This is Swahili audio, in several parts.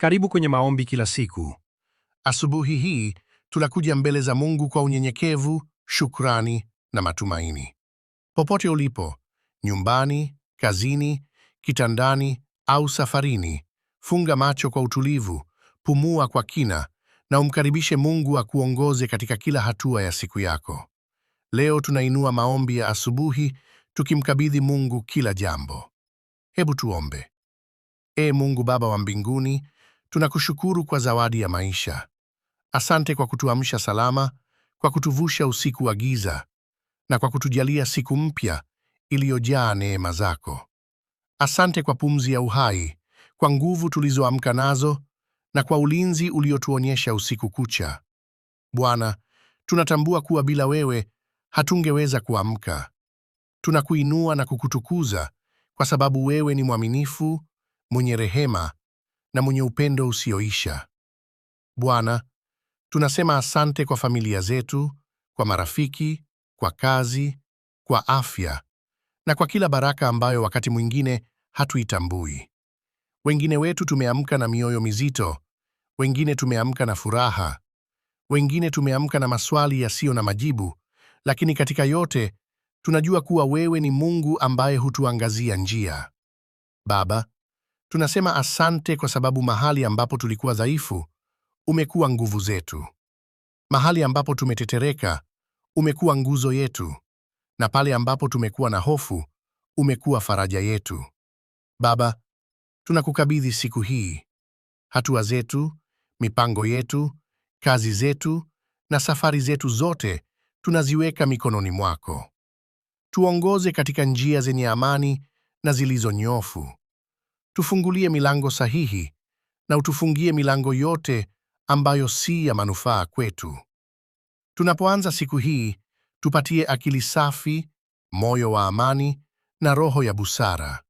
Karibu kwenye maombi kila siku. Asubuhi hii tunakuja mbele za Mungu kwa unyenyekevu, shukrani na matumaini. Popote ulipo, nyumbani, kazini, kitandani au safarini, funga macho kwa utulivu, pumua kwa kina na umkaribishe Mungu akuongoze katika kila hatua ya siku yako. Leo tunainua maombi ya asubuhi tukimkabidhi Mungu kila jambo. Hebu tuombe. Ee Mungu Baba wa mbinguni, Tunakushukuru kwa zawadi ya maisha. Asante kwa kutuamsha salama, kwa kutuvusha usiku wa giza, na kwa kutujalia siku mpya iliyojaa neema zako. Asante kwa pumzi ya uhai, kwa nguvu tulizoamka nazo, na kwa ulinzi uliotuonyesha usiku kucha. Bwana, tunatambua kuwa bila wewe hatungeweza kuamka. Tunakuinua na kukutukuza kwa sababu wewe ni mwaminifu, mwenye rehema na mwenye upendo usioisha. Bwana, tunasema asante kwa familia zetu, kwa marafiki, kwa kazi, kwa afya na kwa kila baraka ambayo wakati mwingine hatuitambui. Wengine wetu tumeamka na mioyo mizito, wengine tumeamka na furaha, wengine tumeamka na maswali yasiyo na majibu, lakini katika yote tunajua kuwa wewe ni Mungu ambaye hutuangazia njia. Baba, Tunasema asante kwa sababu mahali ambapo tulikuwa dhaifu, umekuwa nguvu zetu. Mahali ambapo tumetetereka, umekuwa nguzo yetu. Na pale ambapo tumekuwa na hofu, umekuwa faraja yetu. Baba, tunakukabidhi siku hii, hatua zetu, mipango yetu, kazi zetu na safari zetu zote tunaziweka mikononi mwako. Tuongoze katika njia zenye amani na zilizonyofu tufungulie milango sahihi na utufungie milango yote ambayo si ya manufaa kwetu. Tunapoanza siku hii, tupatie akili safi, moyo wa amani na roho ya busara.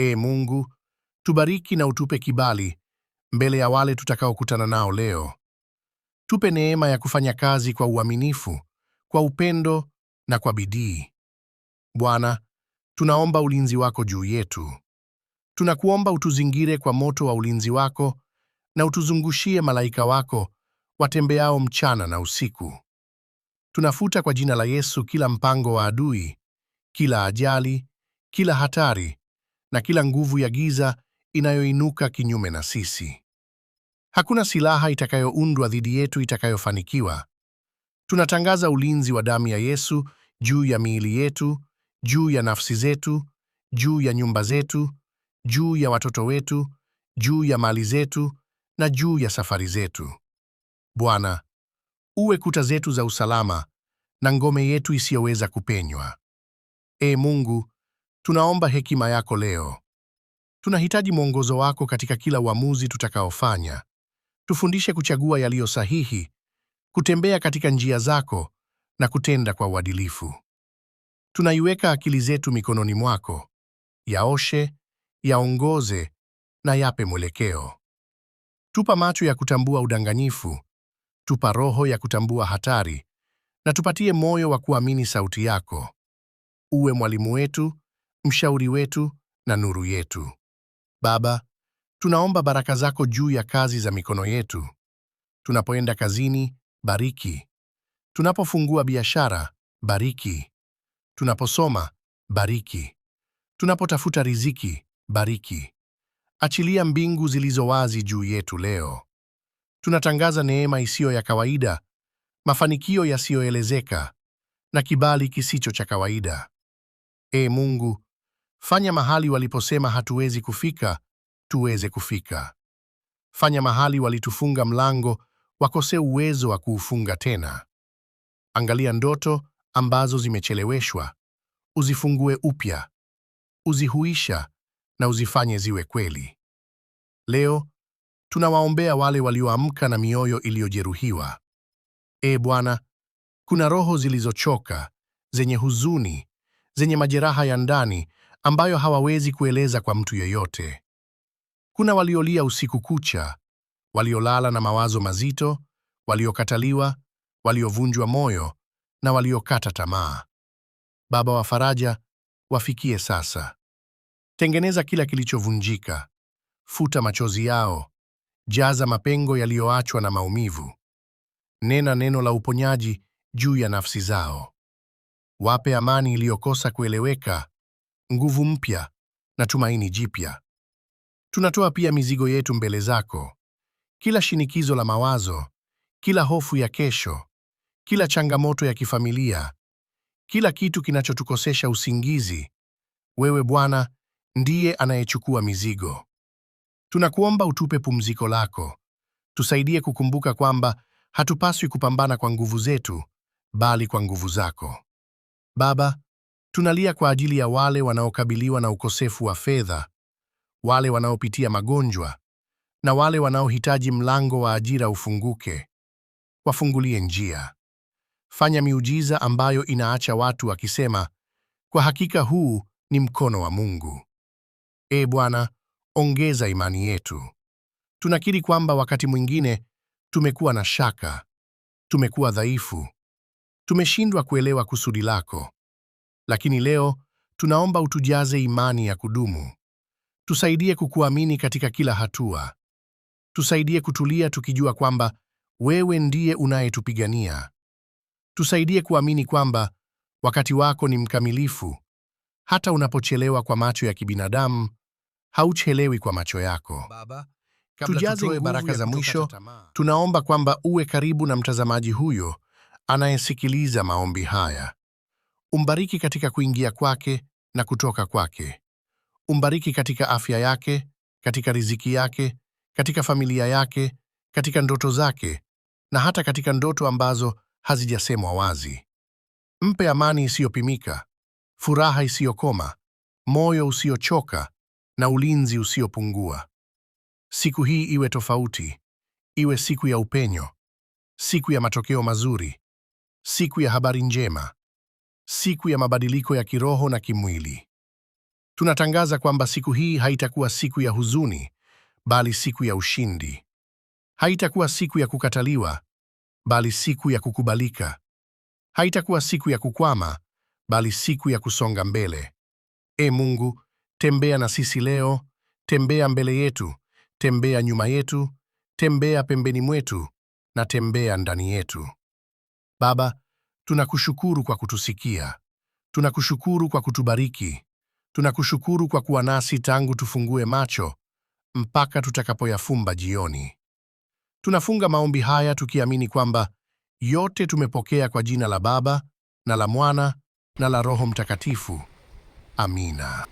Ee Mungu, tubariki na utupe kibali mbele ya wale tutakaokutana nao leo. Tupe neema ya kufanya kazi kwa uaminifu, kwa upendo na kwa bidii. Bwana, tunaomba ulinzi wako juu yetu. Tunakuomba utuzingire kwa moto wa ulinzi wako na utuzungushie malaika wako watembeao mchana na usiku. Tunafuta kwa jina la Yesu kila mpango wa adui, kila ajali, kila hatari na kila nguvu ya giza inayoinuka kinyume na sisi. Hakuna silaha itakayoundwa dhidi yetu itakayofanikiwa. Tunatangaza ulinzi wa damu ya Yesu juu ya miili yetu, juu ya nafsi zetu, juu ya nyumba zetu juu ya watoto wetu, juu ya mali zetu na juu ya safari zetu. Bwana, uwe kuta zetu za usalama na ngome yetu isiyoweza kupenywa. e Mungu, tunaomba hekima yako leo. Tunahitaji mwongozo wako katika kila uamuzi tutakaofanya. Tufundishe kuchagua yaliyo sahihi, kutembea katika njia zako na kutenda kwa uadilifu. Tunaiweka akili zetu mikononi mwako. Yaoshe, yaongoze na yape mwelekeo. Tupa macho ya kutambua udanganyifu, tupa roho ya kutambua hatari, na tupatie moyo wa kuamini sauti yako. Uwe mwalimu wetu, mshauri wetu na nuru yetu. Baba, tunaomba baraka zako juu ya kazi za mikono yetu. Tunapoenda kazini, bariki. Tunapofungua biashara, bariki. Tunaposoma, bariki. Tunapotafuta riziki, Bariki. Achilia mbingu zilizo wazi juu yetu leo. Tunatangaza neema isiyo ya kawaida, mafanikio yasiyoelezeka na kibali kisicho cha kawaida. Ee Mungu, fanya mahali waliposema hatuwezi kufika, tuweze kufika. Fanya mahali walitufunga mlango, wakose uwezo wa kuufunga tena. Angalia ndoto ambazo zimecheleweshwa, uzifungue upya, uzihuisha na uzifanye ziwe kweli. Leo tunawaombea wale walioamka na mioyo iliyojeruhiwa. E Bwana, kuna roho zilizochoka, zenye huzuni, zenye majeraha ya ndani ambayo hawawezi kueleza kwa mtu yeyote. Kuna waliolia usiku kucha, waliolala na mawazo mazito, waliokataliwa, waliovunjwa moyo na waliokata tamaa. Baba wa faraja, wafikie sasa. Tengeneza kila kilichovunjika, futa machozi yao, jaza mapengo yaliyoachwa na maumivu. Nena neno la uponyaji juu ya nafsi zao. Wape amani iliyokosa kueleweka, nguvu mpya na tumaini jipya. Tunatoa pia mizigo yetu mbele zako, kila shinikizo la mawazo, kila hofu ya kesho, kila changamoto ya kifamilia, kila kitu kinachotukosesha usingizi. Wewe Bwana ndiye anayechukua mizigo. Tunakuomba utupe pumziko lako, tusaidie kukumbuka kwamba hatupaswi kupambana kwa nguvu zetu, bali kwa nguvu zako. Baba, tunalia kwa ajili ya wale wanaokabiliwa na ukosefu wa fedha, wale wanaopitia magonjwa na wale wanaohitaji mlango wa ajira ufunguke. Wafungulie njia. Fanya miujiza ambayo inaacha watu wakisema, kwa hakika huu ni mkono wa Mungu e Bwana, ongeza imani yetu. Tunakiri kwamba wakati mwingine tumekuwa na shaka, tumekuwa dhaifu, tumeshindwa kuelewa kusudi lako, lakini leo tunaomba utujaze imani ya kudumu. Tusaidie kukuamini katika kila hatua. Tusaidie kutulia tukijua kwamba wewe ndiye unayetupigania. Tusaidie kuamini kwamba wakati wako ni mkamilifu hata unapochelewa kwa macho ya kibinadamu, hauchelewi kwa macho yako. Baba, tujaze baraka za mwisho, tunaomba kwamba uwe karibu na mtazamaji huyo anayesikiliza maombi haya. Umbariki katika kuingia kwake na kutoka kwake. Umbariki katika afya yake, katika riziki yake, katika familia yake, katika ndoto zake na hata katika ndoto ambazo hazijasemwa wazi. Mpe amani isiyopimika, furaha isiyokoma, moyo usiochoka na ulinzi usiopungua. Siku hii iwe tofauti, iwe siku ya upenyo, siku ya matokeo mazuri, siku ya habari njema, siku ya mabadiliko ya kiroho na kimwili. Tunatangaza kwamba siku hii haitakuwa siku ya huzuni, bali siku ya ushindi. Haitakuwa siku ya kukataliwa, bali siku ya kukubalika. Haitakuwa siku ya kukwama, bali siku ya kusonga mbele. E Mungu, tembea na sisi leo, tembea mbele yetu, tembea nyuma yetu, tembea pembeni mwetu na tembea ndani yetu. Baba, tunakushukuru kwa kutusikia, tunakushukuru kwa kutubariki, tunakushukuru kwa kuwa nasi tangu tufungue macho mpaka tutakapoyafumba jioni. Tunafunga maombi haya tukiamini kwamba yote tumepokea kwa jina la Baba na la Mwana na la Roho Mtakatifu. Amina.